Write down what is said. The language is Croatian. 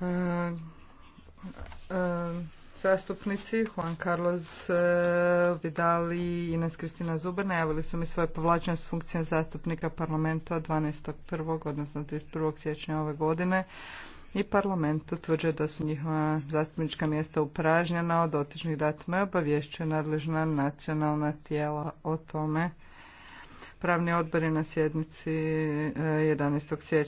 Eh, eh, zastupnici Juan Carlos eh, Vidal i Ines Kristina Zuber najavili su mi svoje povlačenje s funkcije zastupnika parlamenta 12.1. odnosno 31. siječnja ove godine i parlament utvrđuje da su njihova zastupnička mjesta upražnjena od otičnih datuma i obavješćuje nadležna nacionalna tijela o tome. Pravni odbor je na sjednici 11. siječnja